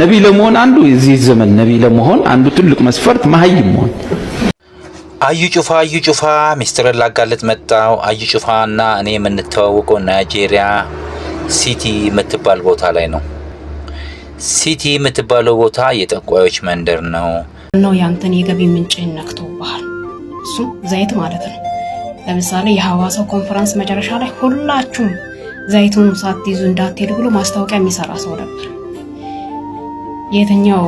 ነቢ ለመሆን አንዱ የዚህ ዘመን ነቢይ ለመሆን አንዱ ትልቅ መስፈርት መሀይም መሆን። አዩ ጩፋ አዩ ጩፋ ሚስጥርን ላጋልጥ መጣው። አዩ ጩፋ እና እኔ የምንተዋወቀው ናይጄሪያ ሲቲ የምትባል ቦታ ላይ ነው። ሲቲ የምትባለው ቦታ የጠንቋዮች መንደር ነው። ነው ያንተን የገቢ ምንጭን ነክቶብሃል። እሱም ዘይት ማለት ነው። ለምሳሌ የሐዋሳው ኮንፈረንስ መጨረሻ ላይ ሁላችሁም ዘይቱን ሳትይዙ እንዳትሄዱ ብሎ ማስታወቂያ የሚሰራ ሰው ነበር። የትኛው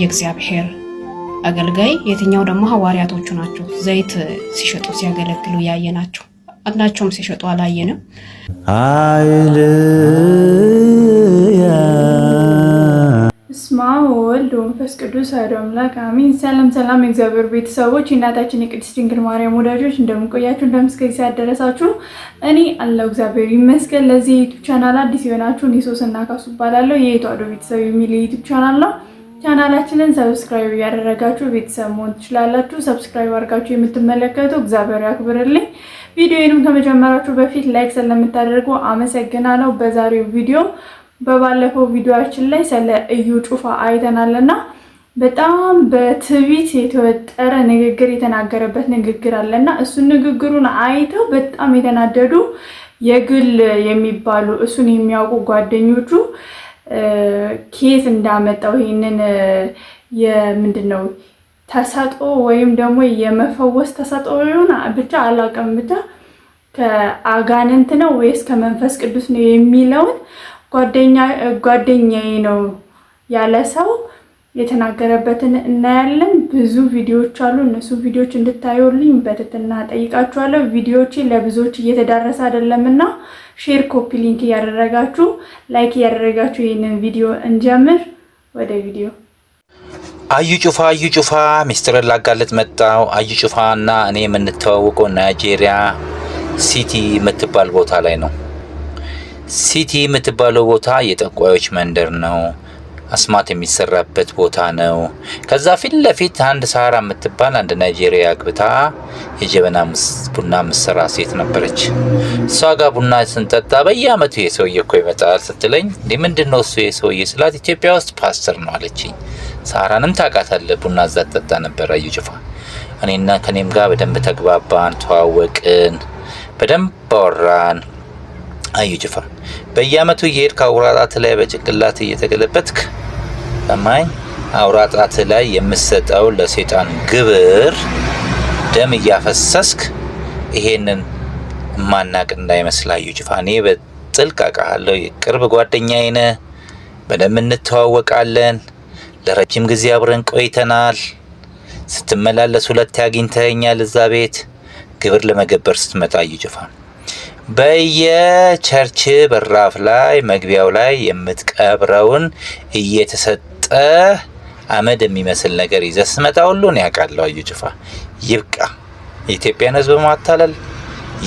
የእግዚአብሔር አገልጋይ የትኛው ደግሞ ሐዋርያቶቹ ናቸው ዘይት ሲሸጡ ሲያገለግሉ ያየ ናቸው። አንዳቸውም ሲሸጡ አላየንም አይል ቅዱስ አሐዱ አምላክ አሜን። ሰላም ሰላም፣ የእግዚአብሔር ቤተሰቦች እናታችን የቅድስት ድንግል ማርያም ወዳጆች እንደምንቆያችሁ እንደምስከይ ሲያደረሳችሁ እኔ አለው እግዚአብሔር ይመስገን። ለዚህ የዩቱብ ቻናል አዲስ የሆናችሁ እኔ ሶስና ካሱ እባላለሁ። የተዋሕዶ ቤተሰብ የሚል የዩቱብ ቻናል ነው። ቻናላችንን ሰብስክራይብ እያደረጋችሁ ቤተሰብ መሆን ትችላላችሁ። ሰብስክራይብ አድርጋችሁ የምትመለከቱ እግዚአብሔር ያክብርልኝ። ቪዲዮንም ከመጀመራችሁ በፊት ላይክ ስለምታደርጉ አመሰግናለሁ። በዛሬው ቪዲዮ በባለፈው ቪዲዮችን ላይ ስለ እዩ ጩፋ አይተናልና በጣም በትዕቢት የተወጠረ ንግግር የተናገረበት ንግግር አለ እና እሱን ንግግሩን አይተው በጣም የተናደዱ የግል የሚባሉ እሱን የሚያውቁ ጓደኞቹ ኬት እንዳመጣው ይህንን የምንድን ነው ተሰጦ ወይም ደግሞ የመፈወስ ተሰጦ ሆን ብቻ አላውቅም ብቻ ከአጋንንት ነው ወይስ ከመንፈስ ቅዱስ ነው የሚለውን ጓደኛዬ ነው ያለ ሰው የተናገረበትን እናያለን። ብዙ ቪዲዮዎች አሉ። እነሱ ቪዲዮዎች እንድታዩልኝ በትትና ጠይቃችኋለሁ። ቪዲዮዎች ለብዙዎች እየተዳረሰ አይደለም እና ሼር፣ ኮፒ ሊንክ እያደረጋችሁ ላይክ እያደረጋችሁ ይህንን ቪዲዮ እንጀምር። ወደ ቪዲዮ አዩ ጩፋ አዩ ጩፋ ሚስጥርን ላጋለጥ መጣው። አዩ ጩፋ እና እኔ የምንተዋወቀው ናይጄሪያ ሲቲ የምትባል ቦታ ላይ ነው። ሲቲ የምትባለው ቦታ የጠንቋዮች መንደር ነው። አስማት የሚሰራበት ቦታ ነው። ከዛ ፊት ለፊት አንድ ሳራ የምትባል አንድ ናይጄሪያ አግብታ የጀበና ቡና ምሰራ ሴት ነበረች። እሷ ጋር ቡና ስንጠጣ በየአመቱ የሰውዬ እኮ ይመጣል ስትለኝ ምንድን ነው እሱ የሰውዬ ስላት ኢትዮጵያ ውስጥ ፓስተር ነው አለችኝ። ሳራንም ታቃታለ ቡና እዛ ነበረ ዩጅፋ። እኔና ከኔም ጋር በደንብ ተግባባን፣ ተዋወቅን፣ በደንብ አወራን። አዩ ጅፋር በየአመቱ እየሄድክ አውራ ጣት ላይ በጭንቅላት እየተገለበትክ ሰማኝ አውራ ጣት ላይ የምትሰጠው ለሴጣን ግብር ደም እያፈሰስክ ይሄንን ማናቅ እንዳይመስል አዩ ጅፋ እኔ በጥልቅ አውቃለሁ። የቅርብ ጓደኛዬ ነህ። በደንብ እንተዋወቃለን። ለረጅም ጊዜ አብረን ቆይተናል። ስትመላለስ ሁለት ያግኝተኸኛል። እዛ ቤት ግብር ለመገበር ስትመጣ አዩ ጅፋ በየቸርች በራፍ ላይ መግቢያው ላይ የምትቀብረውን እየተሰጠ አመድ የሚመስል ነገር ይዘህ ስትመጣ ሁሉን ያውቃለሁ። አዩ ጭፋ ይብቃ፣ የኢትዮጵያን ህዝብ ማታለል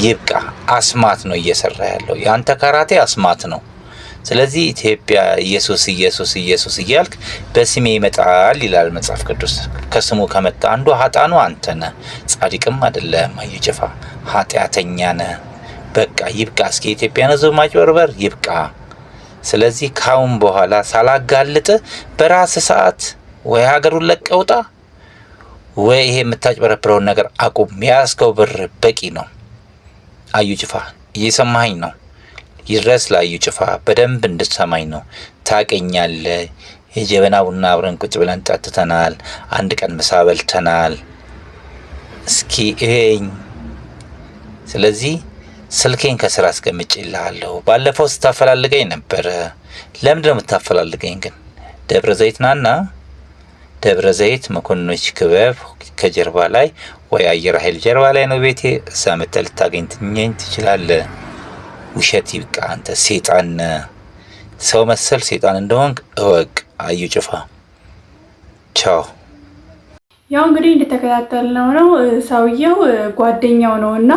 ይብቃ። አስማት ነው እየሰራ ያለው የአንተ ካራቴ አስማት ነው። ስለዚህ ኢትዮጵያ ኢየሱስ ኢየሱስ ኢየሱስ እያልክ በስሜ ይመጣል ይላል መጽሐፍ ቅዱስ። ከስሙ ከመጣ አንዱ ሀጣኑ አንተ ነህ፣ ጻድቅም አይደለም አዩ ጭፋ ኃጢአተኛ ነህ። በቃ ይብቃ፣ እስኪ የኢትዮጵያን ሕዝብ ማጭበርበር ይብቃ። ስለዚህ ካሁን በኋላ ሳላጋልጥ በራስ ሰዓት ወይ ሀገሩን ለቀውጣ ወይ ይሄ የምታጭበረብረውን ነገር አቁም። የያዝከው ብር በቂ ነው። አዩ ጭፋ እየሰማኸኝ ነው? ይድረስ ለአዩ ጭፋ በደንብ እንድትሰማኝ ነው። ታቀኛለ የጀበና ቡና አብረን ቁጭ ብለን ጠጥተናል። አንድ ቀን ምሳ በልተናል። እስኪ እኝ ስለዚህ ስልኬን ከስራ አስቀምጭ ይልሃለሁ። ባለፈው ስታፈላልገኝ ነበረ። ለምንድን ነው የምታፈላልገኝ ግን? ደብረ ዘይት ናና። ደብረ ዘይት መኮንኖች ክበብ ከጀርባ ላይ ወይ አየር ኃይል ጀርባ ላይ ነው ቤቴ። እዛ መጥተህ ልታገኝ ትኘኝ ትችላለ። ውሸት ይብቃ። አንተ ሴጣን፣ ሰው መሰል ሴጣን እንደሆንክ እወቅ። አዩ ጭፋ ቻው። ያው እንግዲህ እንደተከታተልነው ነው ሰውየው ጓደኛው ነው እና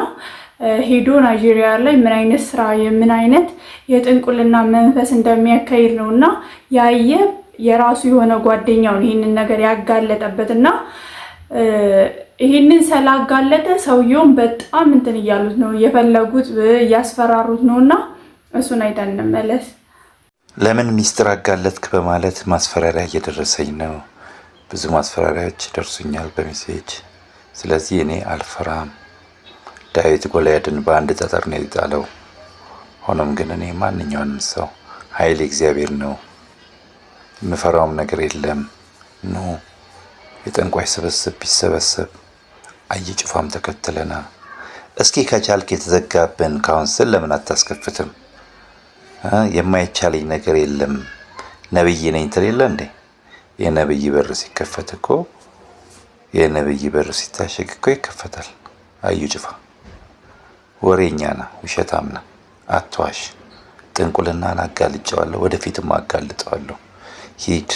ሄዶ ናይጄሪያ ላይ ምን አይነት ስራ የምን አይነት የጥንቁልና መንፈስ እንደሚያካሂድ ነው እና ያየ የራሱ የሆነ ጓደኛውን ይህንን ነገር ያጋለጠበት እና ይህንን ስላጋለጠ ሰውየውን በጣም እንትን እያሉት ነው የፈለጉት፣ እያስፈራሩት ነው እና እሱን አይተን እንመለስ። ለምን ሚስጥር አጋለጥክ በማለት ማስፈራሪያ እየደረሰኝ ነው። ብዙ ማስፈራሪያዎች ደርሱኛል በሜሴጅ። ስለዚህ እኔ አልፈራም ዳዊት ጎልያድን በአንድ ጠጠር ነው የጣለው። ሆኖም ግን እኔ ማንኛውንም ሰው ኃይል እግዚአብሔር ነው፣ የምፈራውም ነገር የለም። ኑ የጠንቋይ ስብስብ ቢሰበሰብ አየጭፋም ተከትለና እስኪ ከቻልክ የተዘጋብን ካውንስል ለምን አታስከፍትም? የማይቻለኝ ነገር የለም ነብይ ነኝ ትሌለ እንዴ? የነብይ በር ሲከፈት እኮ የነብይ በር ሲታሸግ እኮ ይከፈታል። አዩ ጭፋ ወሬኛ ነህ፣ ውሸታም ነህ፣ አትዋሽ፣ ጥንቁልናን አጋልጨዋለሁ፣ ወደፊትም አጋልጠዋለሁ። ሂድ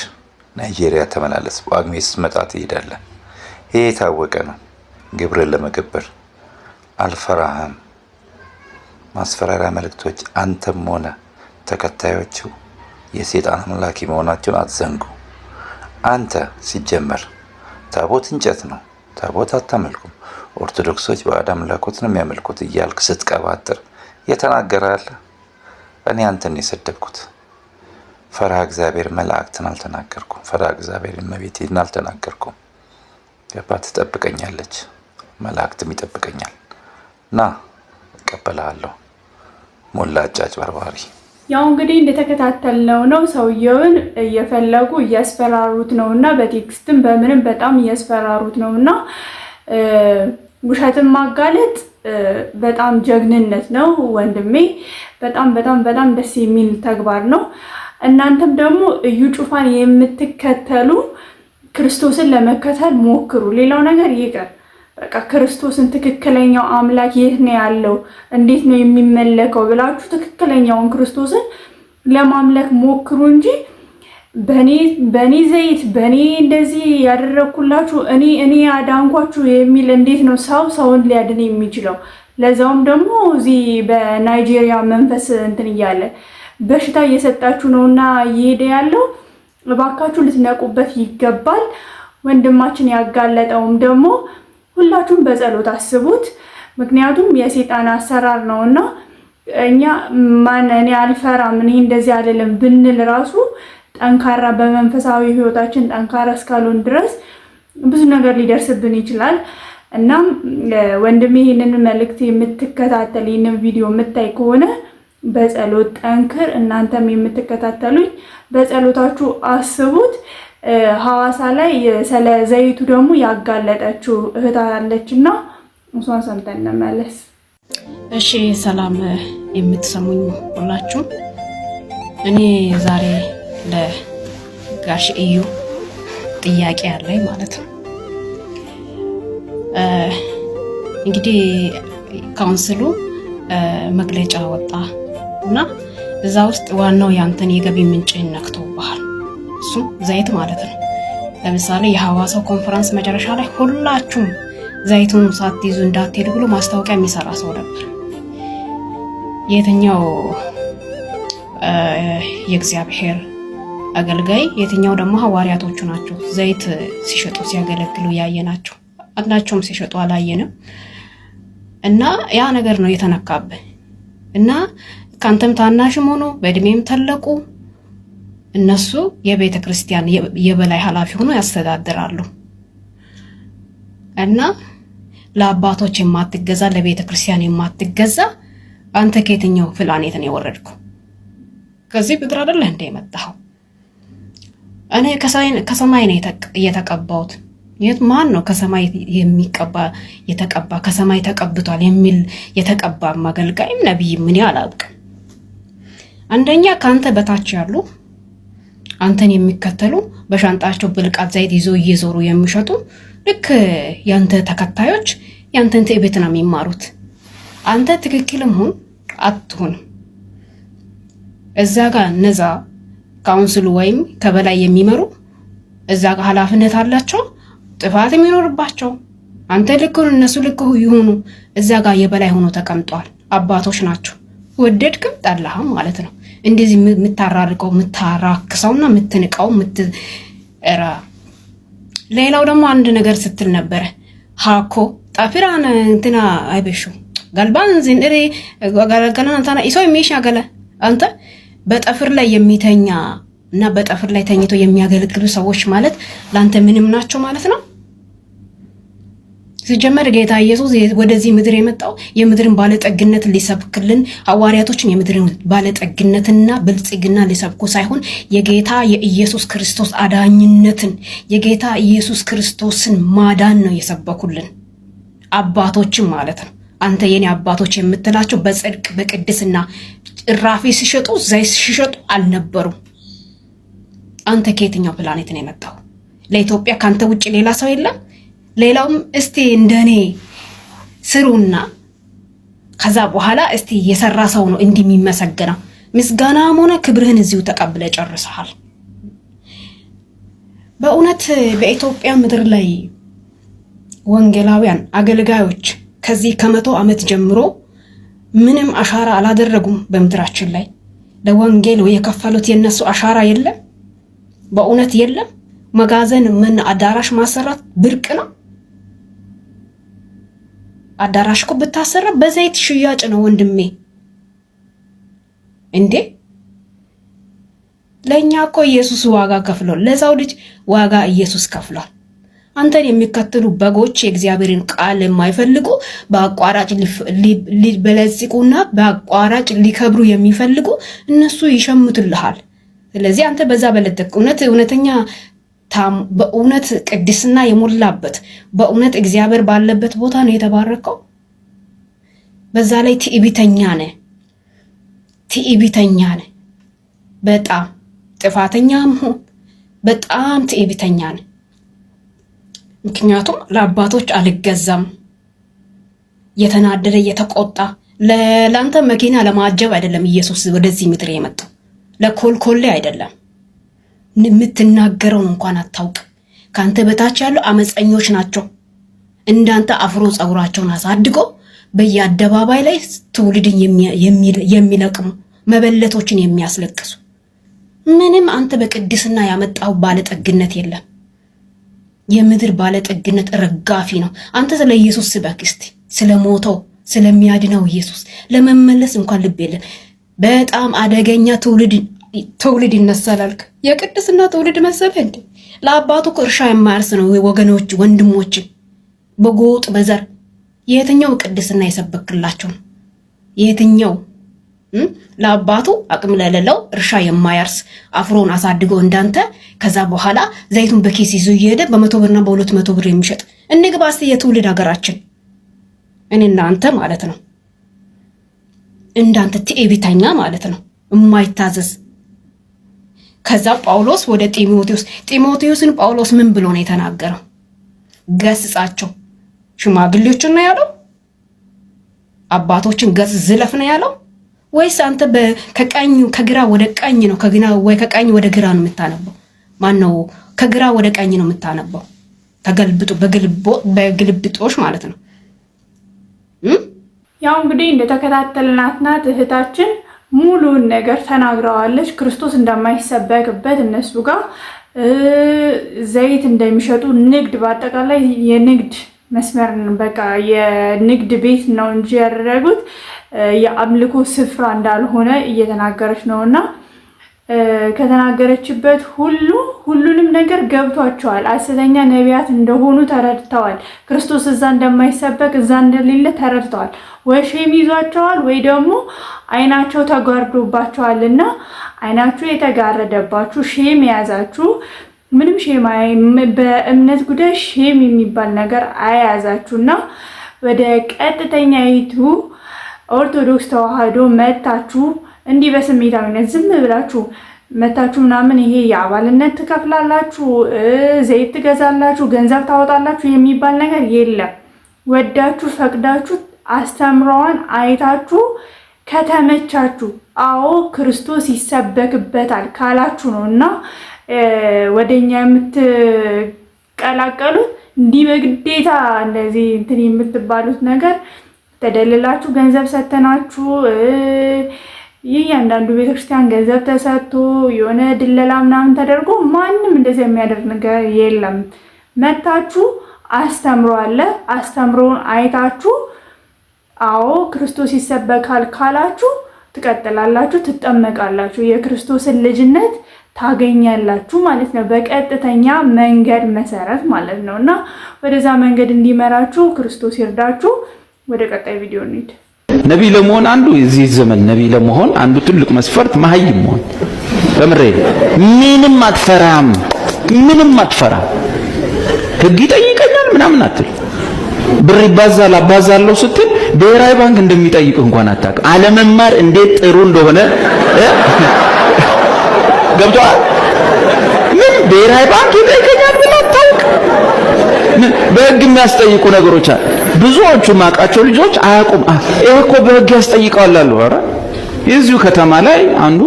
ናይጄሪያ ተመላለስ፣ ጳጉሜ ስትመጣ ትሄዳለህ። ይሄ የታወቀ ነው። ግብርን ለመገበር አልፈራህም። ማስፈራሪያ መልእክቶች አንተም ሆነ ተከታዮቹ የሴጣን አምላኪ መሆናቸውን አትዘንጉ። አንተ ሲጀመር ታቦት እንጨት ነው። ታቦት አታመልኩም። ኦርቶዶክሶች ባዕድ አምላኮት ነው የሚያመልኩት እያልክ ስትቀባጥር የተናገራለ። እኔ አንተን የሰደብኩት ፈሪሃ እግዚአብሔር መላእክትን አልተናገርኩም። ፈሪሃ እግዚአብሔር እመቤቴን አልተናገርኩም። ገባ ትጠብቀኛለች፣ መላእክትም ይጠብቀኛል። ና እቀበላለሁ። ሞላ አጭበርባሪ። ያው እንግዲህ እንደተከታተልነው ነው። ሰውየውን እየፈለጉ እያስፈራሩት ነው እና በቴክስትም በምንም በጣም እያስፈራሩት ነው እና ውሸትን ማጋለጥ በጣም ጀግንነት ነው ወንድሜ። በጣም በጣም በጣም ደስ የሚል ተግባር ነው። እናንተም ደግሞ እዩ ጩፋን የምትከተሉ ክርስቶስን ለመከተል ሞክሩ። ሌላው ነገር ይቀር፣ በቃ ክርስቶስን ትክክለኛው አምላክ የት ነው ያለው፣ እንዴት ነው የሚመለከው ብላችሁ ትክክለኛውን ክርስቶስን ለማምለክ ሞክሩ እንጂ በእኔ ዘይት በእኔ እንደዚህ ያደረግኩላችሁ እኔ እኔ አዳንኳችሁ የሚል እንዴት ነው ሰው ሰውን ሊያድን የሚችለው? ለዛውም ደግሞ እዚህ በናይጄሪያ መንፈስ እንትን እያለ በሽታ እየሰጣችሁ ነው እና እየሄደ ያለው እባካችሁ ልትነቁበት ይገባል። ወንድማችን ያጋለጠውም ደግሞ ሁላችሁም በጸሎት አስቡት። ምክንያቱም የሴጣን አሰራር ነው እና እኛ ማን እኔ አልፈራም እኔ እንደዚህ አይደለም ብንል ራሱ ጠንካራ በመንፈሳዊ ህይወታችን ጠንካራ እስካልሆን ድረስ ብዙ ነገር ሊደርስብን ይችላል። እናም ወንድም ይህንን መልእክት የምትከታተል ይህንን ቪዲዮ የምታይ ከሆነ በጸሎት ጠንክር። እናንተም የምትከታተሉኝ በጸሎታችሁ አስቡት። ሐዋሳ ላይ ስለ ዘይቱ ደግሞ ያጋለጠችው እህት እና እሷን ሰምተን እንመለስ። እሺ፣ ሰላም የምትሰሙኝ ሁላችሁ እኔ ዛሬ ለጋሽ እዩ ጥያቄ አለኝ ማለት ነው። እንግዲህ ካውንስሉ መግለጫ ወጣ እና እዛ ውስጥ ዋናው ያንተን የገቢ ምንጭ ነክቶብሃል፣ እሱም ዘይት ማለት ነው። ለምሳሌ የሐዋሳው ኮንፈረንስ መጨረሻ ላይ ሁላችሁም ዘይቱን ሳትይዙ እንዳትሄዱ ብሎ ማስታወቂያ የሚሰራ ሰው ነበር። የትኛው የእግዚአብሔር አገልጋይ፣ የትኛው ደግሞ ሐዋርያቶቹ ናቸው። ዘይት ሲሸጡ ሲያገለግሉ ያየ ናቸው። አንዳቸውም ሲሸጡ አላየንም። እና ያ ነገር ነው የተነካብህ እና ከአንተም ታናሽም ሆኖ በእድሜም ተለቁ እነሱ የቤተ ክርስቲያን የበላይ ኃላፊ ሆኖ ያስተዳድራሉ። እና ለአባቶች የማትገዛ ለቤተ ክርስቲያን የማትገዛ አንተ ከየትኛው ፕላኔት ነው ከዚህ ምድር አይደለህ እንደ የመጣኸው? እኔ ከሰማይ ነው እየተቀባውት የት ማን ነው ከሰማይ የሚቀባ የተቀባ ከሰማይ ተቀብቷል የሚል የተቀባ አገልጋይም ነቢይም ምን አላውቅም። አንደኛ ከአንተ በታች ያሉ አንተን የሚከተሉ በሻንጣቸው ብልቃት ዘይት ይዞ እየዞሩ የሚሸጡ ልክ ያንተ ተከታዮች ያንተን ትዕቢት ነው የሚማሩት። አንተ ትክክልም ሁን አትሁን እዛ ጋር እነዛ ካውንስሉ ወይም ከበላይ የሚመሩ እዛ ኃላፊነት አላቸው። ጥፋት የሚኖርባቸው አንተ ልክ እነሱ ልክ ይሆኑ እዛ ጋር የበላይ ሆኖ ተቀምጠዋል። አባቶች ናቸው። ወደድክም ጠላህም ማለት ነው። እንደዚህ የምታራርቀው የምታራክሰውና የምትንቀው ሌላው ደግሞ አንድ ነገር ስትል ነበረ ሀኮ ጣፊራን እንትና አይበሹ ገልባን ዝንሬ ገለገለና ኢሶ የሚሻ ገለ አንተ በጠፍር ላይ የሚተኛ እና በጠፍር ላይ ተኝተው የሚያገለግሉ ሰዎች ማለት ለአንተ ምንም ናቸው ማለት ነው። ሲጀመር ጌታ ኢየሱስ ወደዚህ ምድር የመጣው የምድርን ባለጠግነት ሊሰብክልን ሐዋርያቶችን የምድርን ባለጠግነትና ብልጽግና ሊሰብኩ ሳይሆን የጌታ የኢየሱስ ክርስቶስ አዳኝነትን የጌታ ኢየሱስ ክርስቶስን ማዳን ነው የሰበኩልን አባቶችን ማለት ነው። አንተ የኔ አባቶች የምትላቸው በጽድቅ በቅድስና ራፊ ሲሸጡ ዘይ ሲሸጡ አልነበሩም። አንተ ከየትኛው ፕላኔት ነው የመጣው? ለኢትዮጵያ ከአንተ ውጭ ሌላ ሰው የለም። ሌላውም እስቲ እንደኔ ስሩና ከዛ በኋላ እስቲ የሰራ ሰው ነው እንዲህ የሚመሰገነው። ምስጋናም ሆነ ክብርህን እዚሁ ተቀብለ ጨርሰሃል። በእውነት በኢትዮጵያ ምድር ላይ ወንጌላውያን አገልጋዮች ከዚህ ከመቶ ዓመት ጀምሮ ምንም አሻራ አላደረጉም በምድራችን ላይ ለወንጌል የከፈሉት የነሱ አሻራ የለም፣ በእውነት የለም። መጋዘን ምን አዳራሽ ማሰራት ብርቅ ነው። አዳራሽ እኮ ብታሰራ በዘይት ሽያጭ ነው ወንድሜ እንዴ። ለእኛ እኮ ኢየሱስ ዋጋ ከፍሏል። ለሰው ልጅ ዋጋ ኢየሱስ ከፍሏል። አንተን የሚከተሉ በጎች የእግዚአብሔርን ቃል የማይፈልጉ በአቋራጭ ሊበለጽጉና በአቋራጭ ሊከብሩ የሚፈልጉ እነሱ ይሸምቱልሃል። ስለዚህ አንተ በዛ በለጠቅ እውነት እውነተኛ በእውነት ቅድስና የሞላበት በእውነት እግዚአብሔር ባለበት ቦታ ነው የተባረከው። በዛ ላይ ትዕቢተኛ ነህ፣ ትዕቢተኛ ነህ። በጣም ጥፋተኛም ሆን በጣም ትዕቢተኛ ነህ። ምክንያቱም ለአባቶች አልገዛም። የተናደደ የተቆጣ ለላንተ መኪና ለማጀብ አይደለም ኢየሱስ ወደዚህ ምድር የመጣው ለኮልኮሌ አይደለም። የምትናገረውን እንኳን አታውቅ። ከአንተ በታች ያሉ አመፀኞች ናቸው። እንዳንተ አፍሮ ፀጉራቸውን አሳድጎ በየአደባባይ ላይ ትውልድን የሚለቅሙ መበለቶችን የሚያስለቅሱ ምንም አንተ በቅድስና ያመጣው ባለጠግነት የለም። የምድር ባለጠግነት ረጋፊ ነው። አንተ ስለ ኢየሱስ ስበክ እስቲ፣ ስለ ሞተው ስለሚያድነው ኢየሱስ ለመመለስ እንኳን ልብ የለም። በጣም አደገኛ ትውልድ ትውልድ የቅድስና ትውልድ መሰለህ እንዴ? ለአባቱ እኮ እርሻ የማያርስ ነው። ወገኖች ወንድሞች፣ በጎጥ በዘር የትኛው ቅድስና የሰበክላቸው ነው? የትኛው ለአባቱ አቅም ለሌለው እርሻ የማያርስ አፍሮን አሳድጎ እንዳንተ ከዛ በኋላ ዘይቱን በኬስ ይዞ እየሄደ በመቶ ብርና በሁለት መቶ ብር የሚሸጥ እንግባ እስቲ የትውልድ ሀገራችን እኔ እናንተ ማለት ነው። እንዳንተ ትዕቢተኛ ማለት ነው፣ የማይታዘዝ ከዛ ጳውሎስ ወደ ጢሞቴዎስ ጢሞቴዎስን ጳውሎስ ምን ብሎ ነው የተናገረው? ገስጻቸው ሽማግሌዎችን ነው ያለው። አባቶችን ገስ ዝለፍ ነው ያለው። ወይስ አንተ ከቀኝ ከግራ ወደ ቀኝ ነው ከግራ ወይ ከቀኝ ወደ ግራ ነው የምታነበው? ማን ነው ከግራ ወደ ቀኝ ነው የምታነበው? ተገልብጦ በግልብጦሽ ማለት ነው። ያው እንግዲህ እንደተከታተልናት ናት እህታችን ሙሉን ነገር ተናግረዋለች። ክርስቶስ እንደማይሰበክበት እነሱ ጋር ዘይት እንደሚሸጡ ንግድ፣ በአጠቃላይ የንግድ መስመር በቃ የንግድ ቤት ነው እንጂ ያደረጉት የአምልኮ ስፍራ እንዳልሆነ እየተናገረች ነው እና ከተናገረችበት ሁሉ ሁሉንም ነገር ገብቷቸዋል። አስተኛ ነቢያት እንደሆኑ ተረድተዋል። ክርስቶስ እዛ እንደማይሰበክ እዛ እንደሌለ ተረድተዋል። ወይ ሼም ይዟቸዋል ወይ ደግሞ አይናቸው ተጓርዶባቸዋል። እና አይናችሁ የተጋረደባችሁ ሼም የያዛችሁ ምንም ሼም በእምነት ጉዳይ ሼም የሚባል ነገር አያያዛችሁ እና ወደ ይቱ ኦርቶዶክስ ተዋህዶ መታችሁ እንዲህ በስሜታዊነት ዝም ብላችሁ መታችሁ ምናምን ይሄ የአባልነት ትከፍላላችሁ፣ ዘይት ትገዛላችሁ፣ ገንዘብ ታወጣላችሁ የሚባል ነገር የለም። ወዳችሁ ፈቅዳችሁ አስተምረዋን አይታችሁ ከተመቻችሁ፣ አዎ ክርስቶስ ይሰበክበታል ካላችሁ ነው እና ወደኛ የምትቀላቀሉት እንዲህ በግዴታ እንደዚህ እንትን የምትባሉት ነገር ተደልላችሁ ገንዘብ ሰተናችሁ የእያንዳንዱ እያንዳንዱ ቤተክርስቲያን ገንዘብ ተሰጥቶ የሆነ ድለላ ምናምን ተደርጎ ማንም እንደዚህ የሚያደርግ ነገር የለም። መታችሁ አስተምሮ አለ። አስተምሮን አይታችሁ አዎ ክርስቶስ ይሰበካል ካላችሁ ትቀጥላላችሁ፣ ትጠመቃላችሁ፣ የክርስቶስን ልጅነት ታገኛላችሁ ማለት ነው። በቀጥተኛ መንገድ መሰረት ማለት ነው እና ወደዛ መንገድ እንዲመራችሁ ክርስቶስ ይርዳችሁ። ወደ ቀጣይ ቪዲዮ እንሂድ። ነቢይ ለመሆን አንዱ እዚህ ዘመን ነቢይ ለመሆን አንዱ ትልቅ መስፈርት መሀይም መሆን። በምሬ ምንም አትፈራም፣ ምንም አትፈራም። ህግ ይጠይቀኛል ምናምን አትል። ብር ይባዛል አባዛለሁ ስትል ብሔራዊ ባንክ እንደሚጠይቅ እንኳን አታውቅም። አለመማር እንዴት ጥሩ እንደሆነ ገብቷል። ምን ብሔራዊ ባንክ ይጠይቀኛል ምን አታውቅ። በህግ የሚያስጠይቁ ነገሮች አሉ። ብዙዎቹ ማውቃቸው ልጆች አያውቁም። ይሄ እኮ በህግ ያስጠይቀዋል አሉ። ኧረ የዚሁ ከተማ ላይ አንዱ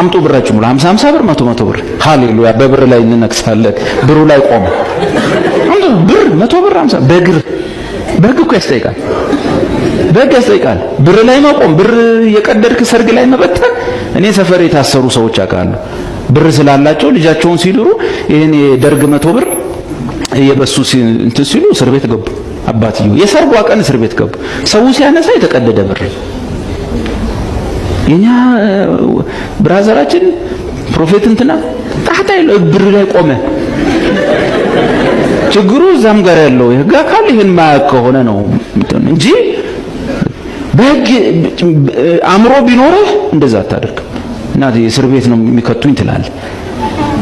አምጡ ብራችሁ ሙሉ 50 ብር፣ 100 100 ብር። ሃሌሉያ! በብር ላይ እንነግሳለን። ብሩ ላይ ቆመ። ብር 100 ብር 50 በግር በግ እኮ ያስጠይቃል። በግ ያስጠይቃል። ብር ላይ መቆም፣ ብር የቀደድክ ሰርግ ላይ መበተን። እኔ ሰፈር የታሰሩ ሰዎች አውቃለሁ። ብር ስላላቸው ልጃቸውን ሲድሩ ይሄን የደርግ መቶ ብር እየበሱ እንትን ሲሉ እስር ቤት ገቡ። አባትዮ የሰርጓ ቀን እስር ቤት ገቡ። ሰው ሲያነሳ የተቀደደ ብር የኛ ብራዘራችን ፕሮፌት እንትና ጣጣ የለው ብር ላይ ቆመ። ችግሩ እዛም ጋር ያለው የህግ አካል ይህን ማያውቅ ከሆነ ነው እንጂ በህግ አእምሮ ቢኖርህ እንደዛ አታደርግ። እናቴ እስር ቤት ነው የሚከቱኝ ትላለህ።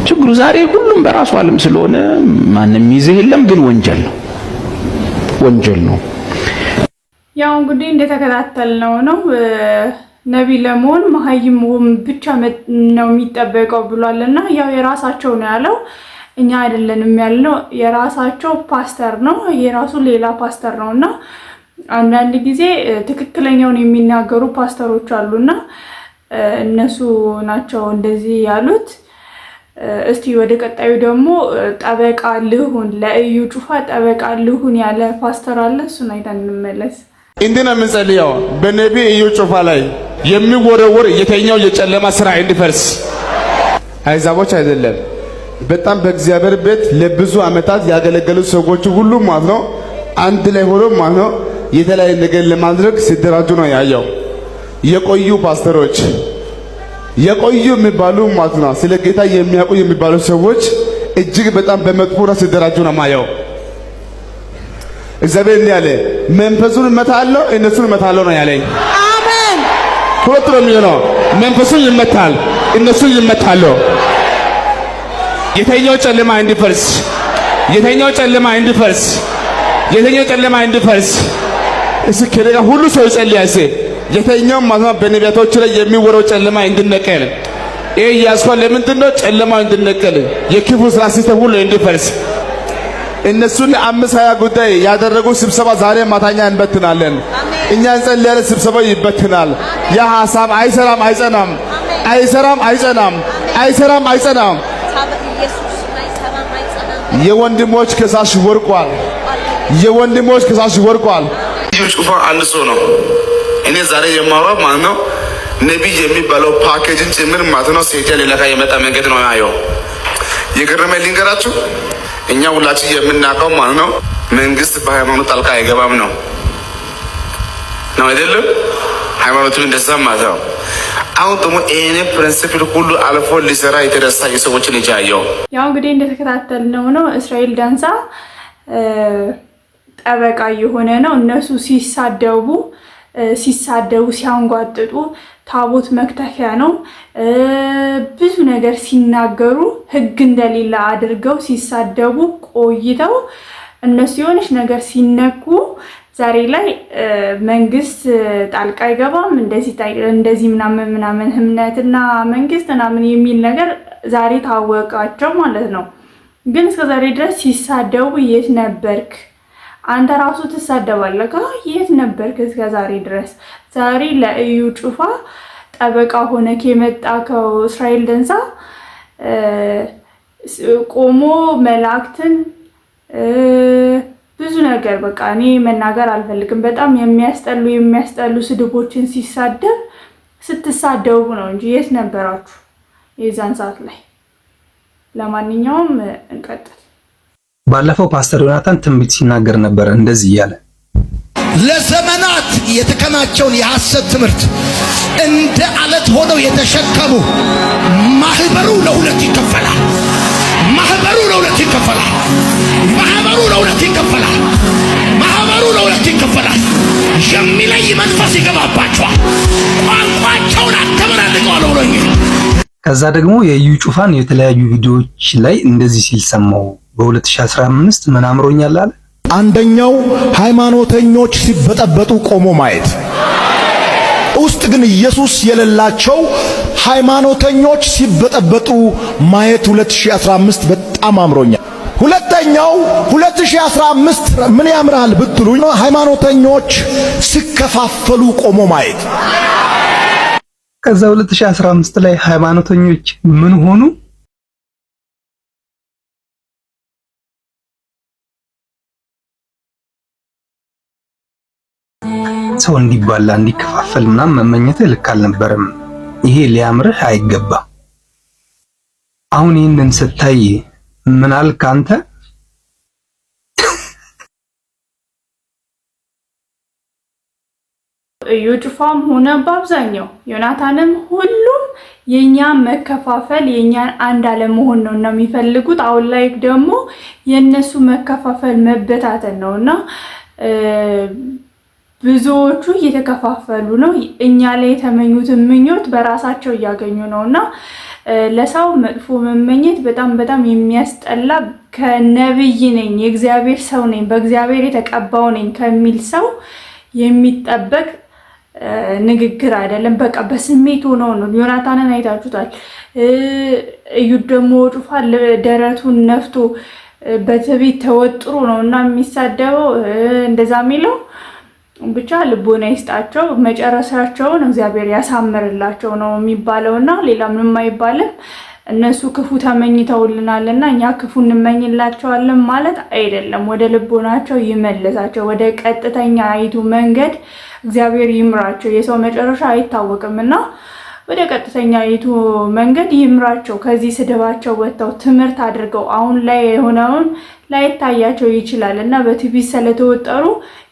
ችግሩ ዛሬ ሁሉም በራሱ ዓለም ስለሆነ ማንም ይዘህ የለም፣ ግን ወንጀል ነው። ወንጀል ነው። ያው እንግዲህ እንደተከታተልነው ነው ነቢ ለመሆን መሀይም ብቻ ነው የሚጠበቀው ብሏል። እና ያው የራሳቸው ነው ያለው እኛ አይደለንም ያለው የራሳቸው ፓስተር ነው የራሱ ሌላ ፓስተር ነው እና አንዳንድ ጊዜ ትክክለኛውን የሚናገሩ ፓስተሮች አሉና እነሱ ናቸው እንደዚህ ያሉት። እስቲ ወደ ቀጣዩ ደግሞ ጠበቃ ልሁን ለእዩ ጩፋ ጠበቃ ልሁን ያለ ፓስተር አለ። እሱን አይተን እንመለስ። እንዲህ ነው የምንጸልየው በነቢ እዩ ጩፋ ላይ የሚወረወር የተኛው የጨለማ ስራ እንዲፈርስ አይዛቦች አይደለም በጣም በእግዚአብሔር ቤት ለብዙ ዓመታት ያገለገሉ ሰዎች ሁሉ ማለት ነው አንድ ላይ ሆኖ ማለት ነው የተለያየ ነገር ለማድረግ ሲደራጁ ነው ያየው የቆዩ ፓስተሮች የቆዩ የሚባሉ ማለት ነው ስለ ጌታ የሚያውቁ የሚባሉ ሰዎች እጅግ በጣም በመጥፎ ራስ ሲደራጁ ነው ማየው። እግዚአብሔር እንዲህ ያለ መንፈሱን እመታለሁ እነሱን እመታለሁ ነው ያለኝ። አሜን። ሁለት ነው የሚሆነው። መንፈሱን ይመታል፣ እነሱን ይመታሉ። የተኛው ጨለማ እንዲፈርስ፣ የተኛው ጨለማ እንዲፈርስ፣ የተኛው ጨለማ እንዲፈርስ። እስኪ ሁሉ ሰው ይጸልያሴ የተኛውም ማዝማት በነቢያቶች ላይ የሚወረው ጨለማ እንድነቀል ይህ ያስፋል። ለምንድን ነው እንድነቀል? የክፉ ስራ ሲስተም ሁሉ እንዲፈርስ እነሱን ለአምስት ሀያ ጉዳይ ያደረጉ ስብሰባ ዛሬ ማታኛ እንበትናለን። እኛ ያለ ስብሰባው ይበትናል። ያ ሀሳብ አይሰራም፣ አይጸናም፣ አይሰራም፣ አይጸናም፣ አይሰራም፣ አይጸናም። የወንድሞች ከሳሽ ወርቋል። የወንድሞች ከሳሽ ወርቋል። ነቢዩ ጩፋ አንድ ሰው ነው። እኔ ዛሬ የማወራው ማለት ነው ነቢይ የሚባለው ፓኬጅን ጭምር ማለት ነው ሴቴል ሌላካ የመጣ መንገድ ነው ያየው የገረመኝ ሊንገራችሁ እኛ ሁላችን የምናውቀው ማለት ነው መንግስት በሃይማኖት ጣልቃ አይገባም ነው ነው አይደለም? ሃይማኖትም እንደዛ ማለት ነው። አሁን ደግሞ ይህን ፕሪንስፕል ሁሉ አልፎ ሊሰራ የተነሳ የሰዎችን ልጅ ያየው ያው እንግዲህ እንደተከታተልነው ነው እስራኤል ዳንሳ ጠበቃ የሆነ ነው። እነሱ ሲሳደቡ ሲሳደቡ ሲያንጓጥጡ ታቦት መክተፊያ ነው ብዙ ነገር ሲናገሩ ህግ እንደሌለ አድርገው ሲሳደቡ ቆይተው እነሱ የሆነች ነገር ሲነኩ ዛሬ ላይ መንግስት ጣልቃ አይገባም እንደዚህ ምናምን ምናምን እምነትና መንግስት ምናምን የሚል ነገር ዛሬ ታወቃቸው ማለት ነው። ግን እስከዛሬ ድረስ ሲሳደቡ የት ነበርክ አንተ ራሱ ትሳደባለህ። የት ነበርክ እስከ ዛሬ ድረስ? ዛሬ ለእዩ ጩፋ ጠበቃ ሆነክ የመጣ ከው እስራኤል ደንሳ ቆሞ መላእክትን ብዙ ነገር በቃ እኔ መናገር አልፈልግም። በጣም የሚያስጠሉ የሚያስጠሉ ስድቦችን ሲሳደብ ስትሳደቡ ነው እንጂ የት ነበራችሁ የዛን ሰዓት ላይ? ለማንኛውም እንቀጥል። ባለፈው ፓስተር ዮናታን ትንቢት ሲናገር ነበር እንደዚህ እያለ ለዘመናት የተከማቸውን የሐሰት ትምህርት እንደ አለት ሆነው የተሸከሙ ማህበሩ ለሁለት ይከፈላል። ማህበሩ ለሁለት ይከፈላል። ማህበሩ ለሁለት ይከፈላል። ማህበሩ ለሁለት ይከፈላል። የሚለይ መንፈስ ይገባባቸዋል። ቋንቋቸውን አተመላልቀዋል ብሎኝ ከዛ ደግሞ የኢዩ ጩፋን የተለያዩ ቪዲዮዎች ላይ እንደዚህ ሲል ሰማው በ2015 ምን አምሮኛል አለ። አንደኛው ሃይማኖተኞች ሲበጠበጡ ቆሞ ማየት ውስጥ ግን ኢየሱስ የሌላቸው ሃይማኖተኞች ሲበጠበጡ ማየት 2015 በጣም አምሮኛል። ሁለተኛው 2015 ምን ያምራል ብትሉ ሃይማኖተኞች ሲከፋፈሉ ቆሞ ማየት። ከዛ 2015 ላይ ሃይማኖተኞች ምን ሆኑ? ሰው እንዲባላ እንዲከፋፈል ምናምን መመኘትህ ልክ አልነበረም። ይሄ ሊያምርህ አይገባም። አሁን ይህንን ስታይ ምን አልክ አንተ? እዩ ጩፋም ሆነ በአብዛኛው ዮናታንም ሁሉም የኛ መከፋፈል የኛን አንድ አለመሆን ነው እና የሚፈልጉት አሁን ላይ ደግሞ የእነሱ መከፋፈል መበታተን ነው እና ብዙዎቹ እየተከፋፈሉ ነው። እኛ ላይ የተመኙትን ምኞት በራሳቸው እያገኙ ነው እና ለሰው መጥፎ መመኘት በጣም በጣም የሚያስጠላ ከነብይ ነኝ የእግዚአብሔር ሰው ነኝ በእግዚአብሔር የተቀባው ነኝ ከሚል ሰው የሚጠበቅ ንግግር አይደለም። በቃ በስሜት ሆነው ነው። ዮናታንን አይታችሁታል። እዩት ደግሞ ጩፋ ደረቱን ነፍቶ በትዕቢት ተወጥሮ ነው እና የሚሳደበው እንደዛ የሚለው ብቻ ልቦና ይስጣቸው፣ መጨረሻቸውን እግዚአብሔር ያሳምርላቸው ነው የሚባለውና ሌላ ምንም አይባልም። እነሱ ክፉ ተመኝተውልናል እና እኛ ክፉ እንመኝላቸዋለን ማለት አይደለም። ወደ ልቦናቸው ይመለሳቸው፣ ወደ ቀጥተኛ አይቱ መንገድ እግዚአብሔር ይምራቸው። የሰው መጨረሻ አይታወቅም እና ወደ ቀጥተኛ ይቱ መንገድ ይምራቸው። ከዚህ ስድባቸው ወጥተው ትምህርት አድርገው አሁን ላይ የሆነውን ላይታያቸው ይችላል እና በቲቪ ስለተወጠሩ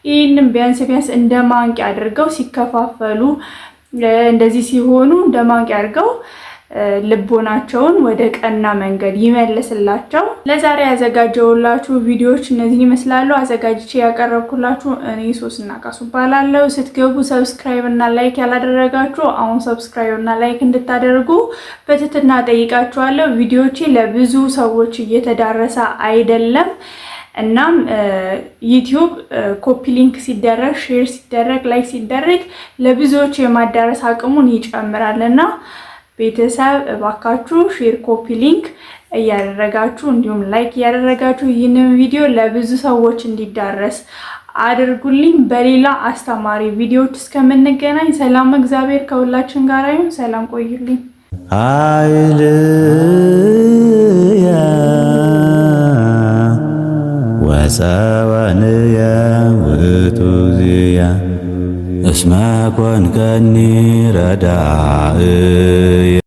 ይህንም ቢያንስ ቢያንስ እንደ ማንቂያ አድርገው ሲከፋፈሉ እንደዚህ ሲሆኑ እንደ ማንቂያ አድርገው ልቦናቸውን ወደ ቀና መንገድ ይመልስላቸው። ለዛሬ ያዘጋጀውላችሁ ቪዲዮዎች እነዚህ ይመስላሉ። አዘጋጅቼ ያቀረብኩላችሁ እኔ ሶስና ቃሱ እባላለሁ። ስትገቡ ሰብስክራይብ እና ላይክ ያላደረጋችሁ አሁን ሰብስክራይብ እና ላይክ እንድታደርጉ በትህትና ጠይቃችኋለሁ። ቪዲዮዎቼ ለብዙ ሰዎች እየተዳረሰ አይደለም። እናም ዩቲዩብ ኮፒ ሊንክ ሲደረግ፣ ሼር ሲደረግ፣ ላይክ ሲደረግ ለብዙዎች የማዳረስ አቅሙን ይጨምራል እና ቤተሰብ እባካችሁ ሼር፣ ኮፒ ሊንክ እያደረጋችሁ እንዲሁም ላይክ እያደረጋችሁ ይህንን ቪዲዮ ለብዙ ሰዎች እንዲዳረስ አድርጉልኝ። በሌላ አስተማሪ ቪዲዮዎች እስከምንገናኝ ሰላም፣ እግዚአብሔር ከሁላችን ጋር ይሁን። ሰላም ቆዩልኝ። ሃይልየ ወፀባንየ ውእቱ እስመ ኮንከኒ ረዳእ